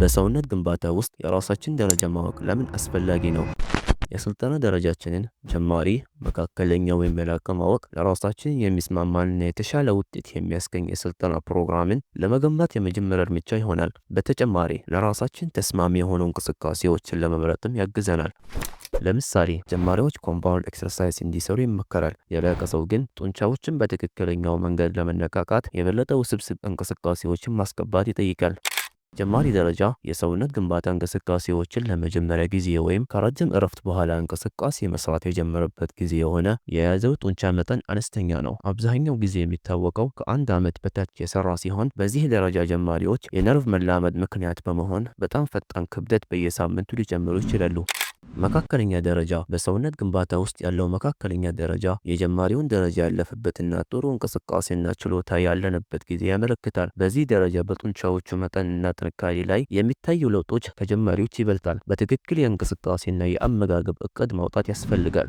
በሰውነት ግንባታ ውስጥ የራሳችን ደረጃ ማወቅ ለምን አስፈላጊ ነው? የስልጠና ደረጃችንን ጀማሪ፣ መካከለኛ ወይም የላቀ ማወቅ ለራሳችን የሚስማማንና የተሻለ ውጤት የሚያስገኝ የስልጠና ፕሮግራምን ለመገንባት የመጀመሪያ እርምጃ ይሆናል። በተጨማሪ ለራሳችን ተስማሚ የሆኑ እንቅስቃሴዎችን ለመምረጥም ያግዘናል። ለምሳሌ ጀማሪዎች ኮምፓውንድ ኤክሰርሳይዝ እንዲሰሩ ይመከራል። የላቀ ሰው ግን ጡንቻዎችን በትክክለኛው መንገድ ለመነቃቃት የበለጠ ውስብስብ እንቅስቃሴዎችን ማስገባት ይጠይቃል። ጀማሪ ደረጃ የሰውነት ግንባታ እንቅስቃሴዎችን ለመጀመሪያ ጊዜ ወይም ከረጅም እረፍት በኋላ እንቅስቃሴ መስራት የጀመረበት ጊዜ የሆነ የያዘው ጡንቻ መጠን አነስተኛ ነው። አብዛኛው ጊዜ የሚታወቀው ከአንድ ዓመት በታች የሰራ ሲሆን በዚህ ደረጃ ጀማሪዎች የነርቭ መላመድ ምክንያት በመሆን በጣም ፈጣን ክብደት በየሳምንቱ ሊጨምሩ ይችላሉ። መካከለኛ ደረጃ በሰውነት ግንባታ ውስጥ ያለው መካከለኛ ደረጃ የጀማሪውን ደረጃ ያለፈበትና ጥሩ እንቅስቃሴና ችሎታ ያለንበት ጊዜ ያመለክታል። በዚህ ደረጃ በጡንቻዎቹ መጠንና ጥንካሬ ላይ የሚታዩ ለውጦች ከጀማሪዎች ይበልጣል። በትክክል የእንቅስቃሴና የአመጋገብ እቅድ ማውጣት ያስፈልጋል።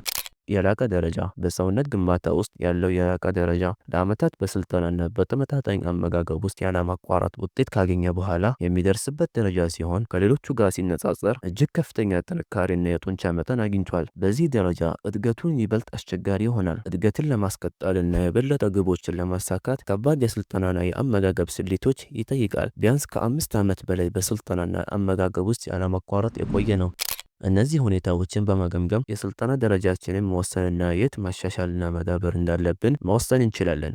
የላቀ ደረጃ በሰውነት ግንባታ ውስጥ ያለው የላቀ ደረጃ ለአመታት በስልጠናና በተመጣጣኝ አመጋገብ ውስጥ ያለማቋረጥ ውጤት ካገኘ በኋላ የሚደርስበት ደረጃ ሲሆን ከሌሎቹ ጋር ሲነጻጸር እጅግ ከፍተኛ ጥንካሬና የጡንቻ መጠን አግኝቷል። በዚህ ደረጃ እድገቱን ይበልጥ አስቸጋሪ ይሆናል። እድገትን ለማስቀጠልና የበለጠ ግቦችን ለማሳካት ከባድ የስልጠናና የአመጋገብ ስሌቶች ይጠይቃል። ቢያንስ ከአምስት ዓመት በላይ በስልጠናና አመጋገብ ውስጥ ያለማቋረጥ የቆየ ነው። እነዚህ ሁኔታዎችን በመገምገም የስልጠና ደረጃችንን መወሰንና የት ማሻሻልና መዳበር እንዳለብን መወሰን እንችላለን።